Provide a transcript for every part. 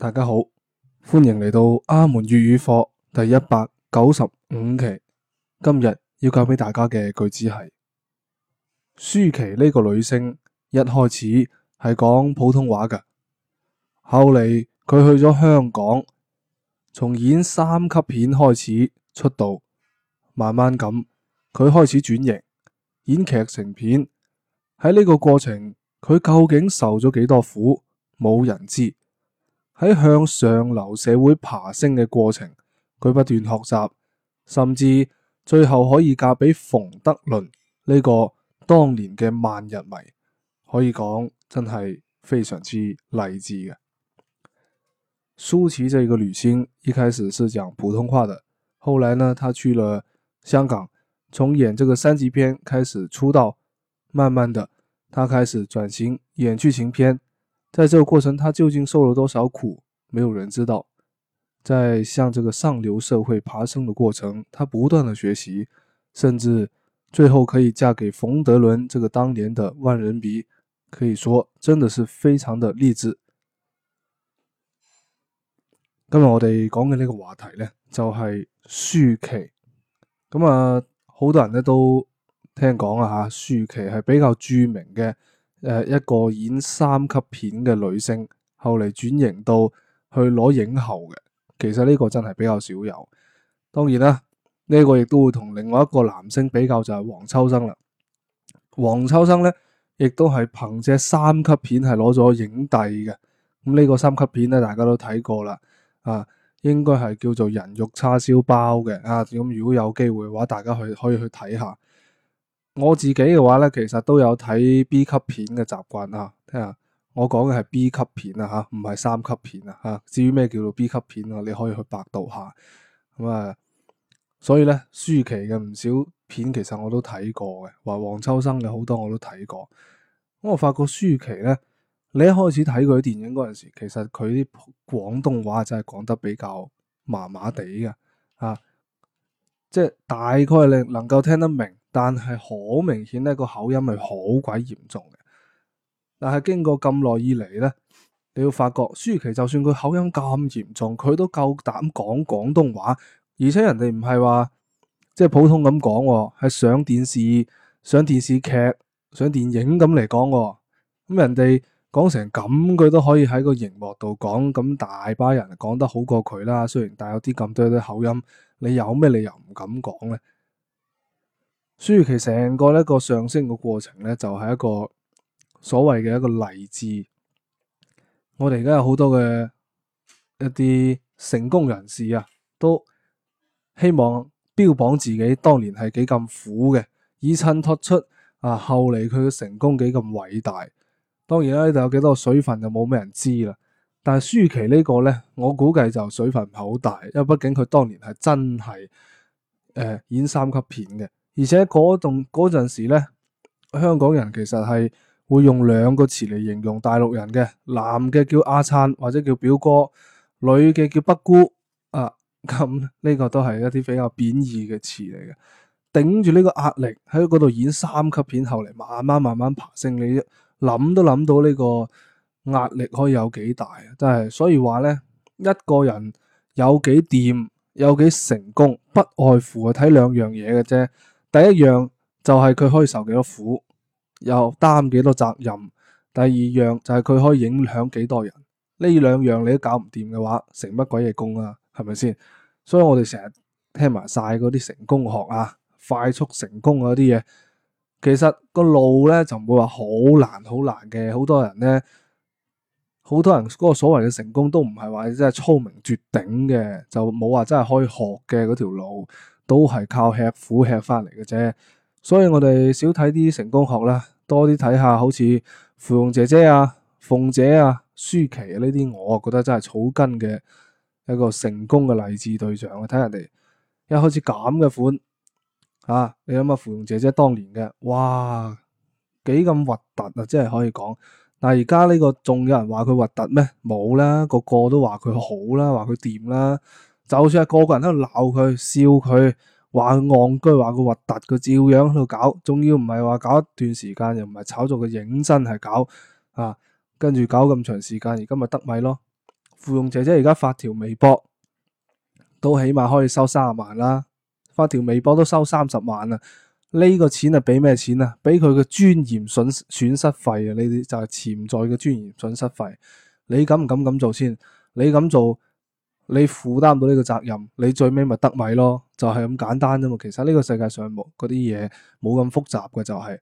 大家好，歡迎嚟到阿門粵語課第一百九十五期。今日要教俾大家嘅句子係：舒淇呢個女星一開始係講普通話噶，後嚟佢去咗香港，從演三級片開始出道，慢慢咁佢開始轉型，演劇情片。喺呢個過程，佢究竟受咗幾多苦，冇人知。喺向上流社會爬升嘅過程，佢不斷學習，甚至最後可以嫁俾馮德倫呢個當年嘅萬人迷，可以講真係非常之勵志嘅。舒淇這個女星一開始是講普通話的，後來呢，她去了香港，從演這個三級片開始出道，慢慢的，她開始轉型演劇情片。在這個過程，他究竟受了多少苦，沒有人知道。在向這個上流社會爬升的過程，他不斷的學習，甚至最後可以嫁給馮德倫這個當年的萬人迷，可以說真的是非常的勵志。今日我哋講嘅呢個話題呢，就係舒淇。咁啊，好多人呢都聽講啊吓，舒淇係比較著名嘅。誒，一個演三級片嘅女星，後嚟轉型到去攞影后嘅，其實呢個真係比較少有。當然啦，呢、這個亦都會同另外一個男星比較，就係黃秋生啦。黃秋生咧，亦都係憑借三級片係攞咗影帝嘅。咁、這、呢個三級片咧，大家都睇過啦，啊，應該係叫做人肉叉燒包嘅。啊，咁如果有機會嘅話，大家去可以去睇下。我自己嘅話咧，其實都有睇 B 級片嘅習慣啊。聽下我講嘅係 B 級片啊，吓唔係三級片啊。吓，至於咩叫做 B 級片啊，你可以去百度下。咁啊，所以咧，舒淇嘅唔少片其實我都睇過嘅，話黃秋生嘅好多我都睇過。咁我發覺舒淇咧，你一開始睇佢啲電影嗰陣時，其實佢啲廣東話真係講得比較麻麻地嘅，啊，即係大概你能夠聽得明。但係好明顯呢個口音係好鬼嚴重嘅。但係經過咁耐以嚟呢，你要發覺舒淇就算佢口音咁嚴重，佢都夠膽講廣東話，而且人哋唔係話即係普通咁講，係上電視、上電視劇、上電影咁嚟講。咁人哋講成咁，佢都可以喺個熒幕度講，咁大把人講得好過佢啦。雖然，帶有啲咁多啲口音，你有咩理由唔敢講呢？舒淇成個呢個上升嘅過程咧，就係、是、一個所謂嘅一個勵志。我哋而家有好多嘅一啲成功人士啊，都希望標榜自己當年係幾咁苦嘅，以襯托出啊後嚟佢嘅成功幾咁偉大。當然啦，呢度有幾多水分就冇咩人知啦。但係舒淇呢個咧，我估計就水分唔係好大，因為畢竟佢當年係真係誒、呃、演三級片嘅。而且嗰棟嗰陣時咧，香港人其實係會用兩個詞嚟形容大陸人嘅，男嘅叫阿燦或者叫表哥，女嘅叫北姑啊。咁呢個，這個都係一啲比較貶義嘅詞嚟嘅。頂住呢個壓力喺嗰度演三級片，後嚟慢慢慢慢爬升，你諗都諗到呢個壓力可以有幾大啊！真係，所以話咧，一個人有幾掂有幾成功，不外乎係睇兩樣嘢嘅啫。第一樣就係佢可以受幾多苦，又擔幾多責任；第二樣就係佢可以影響幾多人。呢兩樣你都搞唔掂嘅話，成乜鬼嘢功啊？係咪先？所以我哋成日聽埋晒嗰啲成功學啊、快速成功嗰啲嘢，其實個路咧就唔會話好難好難嘅。好多人咧，好多人嗰個所謂嘅成功都唔係話真係聰明絕頂嘅，就冇話真係可以學嘅嗰條路。都係靠吃苦吃翻嚟嘅啫，所以我哋少睇啲成功學啦，多啲睇下好似芙蓉姐姐啊、鳳姐啊、舒淇啊呢啲，我啊覺得真係草根嘅一個成功嘅勵志對象。睇人哋一開始咁嘅款啊，你諗下芙蓉姐姐當年嘅，哇，幾咁核突啊，真係可以講。但係而家呢個仲有人話佢核突咩？冇啦，個個都話佢好啦，話佢掂啦。就算係個個人喺度鬧佢、笑佢、話佢戇居、話佢核突，佢照樣喺度搞。仲要唔係話搞一段時間，又唔係炒作佢認真係搞啊。跟住搞咁長時間，而家咪得米咯。芙蓉姐姐而家發條微博，都起碼可以收三十萬啦。發條微博都收三十萬啦！呢個錢係，俾咩錢啊？俾佢嘅尊嚴損損失費啊！呢啲就係潛在嘅尊嚴損失費。你敢唔敢咁做先？你咁做？你負擔唔到呢個責任，你最尾咪得米咯，就係、是、咁簡單啫嘛。其實呢個世界上冇嗰啲嘢冇咁複雜嘅、就是，就係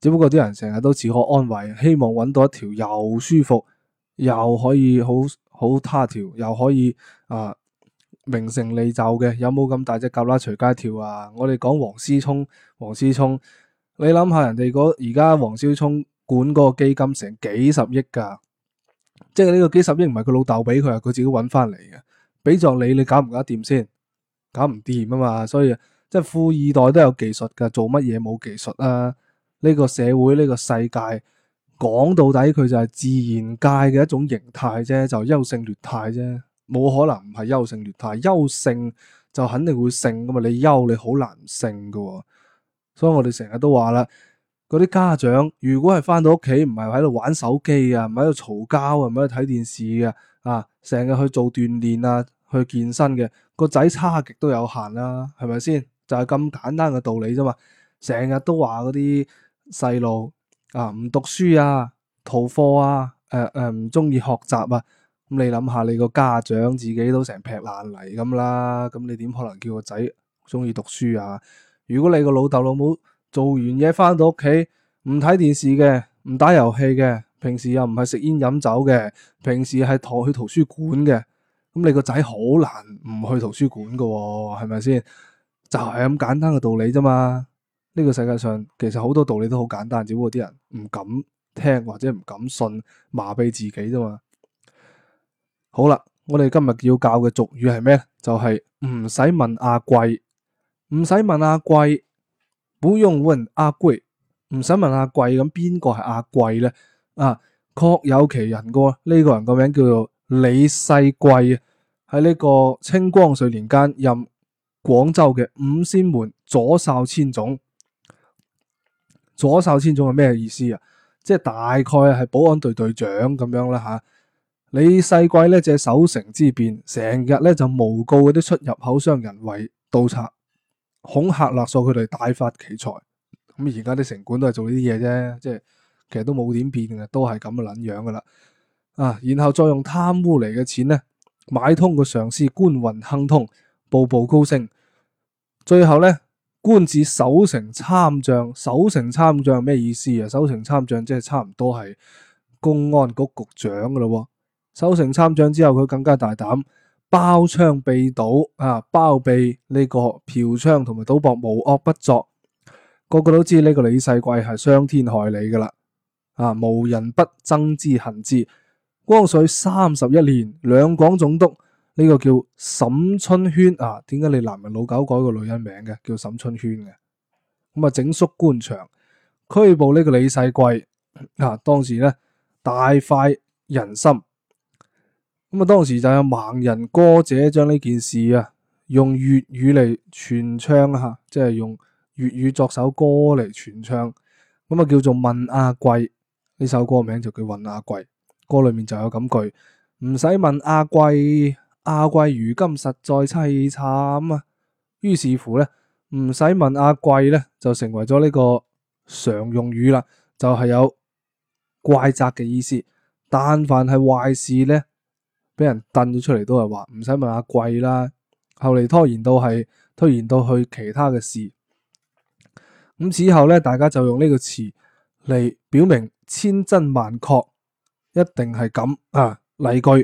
只不過啲人成日都自我安慰，希望揾到一條又舒服又可以好好他條，又可以啊、呃、名成利就嘅，有冇咁大隻蛤乸啦，隨街跳啊？我哋講黃思聰，黃思聰，你諗下人哋而家黃思聰管嗰個基金成幾十億㗎。即係呢個幾十億唔係佢老豆俾佢，係佢自己揾翻嚟嘅。俾咗你，你搞唔搞得掂先？搞唔掂啊嘛！所以即係富二代都有技術嘅，做乜嘢冇技術啊？呢個社會呢個世界講到底，佢就係自然界嘅一種形態啫，就係優勝劣汰啫。冇可能唔係優勝劣汰。優勝就肯定會勝噶嘛，你優你好難勝噶喎。所以我哋成日都話啦。嗰啲家長如果係翻到屋企唔係喺度玩手機啊，唔喺度嘈交，啊，唔喺度睇電視嘅，啊，成日去做鍛煉啊，去健身嘅，個仔差極都有限啦、啊，係咪先？就係、是、咁簡單嘅道理啫嘛。成日都話嗰啲細路啊，唔讀書啊，逃課啊，誒、呃、誒，唔中意學習啊。咁、嗯、你諗下，你個家長自己都成劈爛泥咁啦，咁、嗯、你點可能叫個仔中意讀書啊？如果你個老豆老母，做完嘢翻到屋企，唔睇電視嘅，唔打遊戲嘅，平時又唔係食煙飲酒嘅，平時係去圖書館嘅。咁你個仔好難唔去圖書館噶喎，係咪先？就係咁簡單嘅道理啫嘛。呢個世界上其實好多道理都好簡單，只不過啲人唔敢聽或者唔敢信，麻痹自己啫嘛。好啦，我哋今日要教嘅俗語係咩？就係唔使問阿貴，唔使問阿貴。不用問阿貴，唔使問阿貴咁，邊個係阿貴咧？啊，確有其人個，呢、這個人個名叫做李世貴啊，喺呢個清光緒年間任廣州嘅五仙門左哨千總。左哨千總係咩意思啊？即係大概係保安隊隊長咁樣啦吓、啊。李世貴咧就守城之變，成日咧就誣告嗰啲出入口商人為盜賊。恐嚇勒索佢哋大發奇財，咁而家啲城管都係做呢啲嘢啫，即係其實都冇點變嘅，都係咁嘅捻樣噶啦，啊，然後再用貪污嚟嘅錢呢，買通個上司，官運亨通，步步高升，最後呢，官至守城參將，守城參將係咩意思啊？守城參將即係差唔多係公安局局長噶咯，守城參將之後佢更加大膽。包娼、被賭啊，包庇呢個嫖娼同埋賭博，無惡不作。個個都知呢個李世貴係傷天害理噶啦，啊，無人不憎之恨之。光緒三十一年，兩廣總督呢個叫沈春軒啊，點解你男人老狗改個女人名嘅？叫沈春軒嘅。咁啊，整肅官場，拘捕呢個李世貴啊。當時咧，大快人心。咁啊，當時就有盲人歌者將呢件事啊，用粵語嚟傳唱吓，啊，即係用粵語作首歌嚟傳唱。咁啊，叫做問阿貴，呢首歌名就叫問阿貴。歌裏面就有咁句：唔使問阿貴，阿貴如今實在淒慘啊。於是乎咧，唔使問阿貴咧，就成為咗呢個常用語啦，就係有怪責嘅意思。但凡係壞事咧。俾人掟咗出嚟，都係話唔使問阿貴啦。後嚟拖延到係拖延到去其他嘅事。咁之後咧，大家就用呢個詞嚟表明千真萬確，一定係咁啊。例句：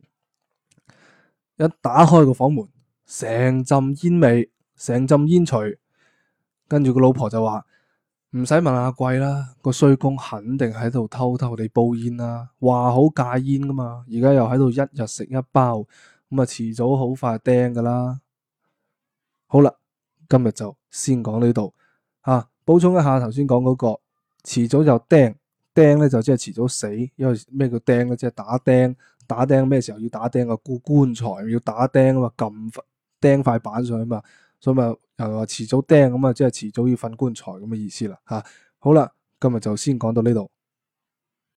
「一打開個房門，成浸煙味，成浸煙除。」跟住個老婆就話。唔使問阿貴啦，個衰公肯定喺度偷偷地煲煙啦、啊，話好戒煙噶嘛，而家又喺度一日食一包，咁啊遲早好快釘噶啦。好啦，今日就先講呢度吓，補、啊、充一下頭先講嗰個，遲早就釘，釘咧就即係遲早死，因為咩叫釘咧？即係打釘，打釘咩時候要打釘？個棺棺材要打釘啊嘛，撳塊釘塊板上啊嘛，所以咪。又話遲早釘，咁啊，即係遲早要瞓棺材咁嘅意思啦吓，好啦，今日就先講到呢度。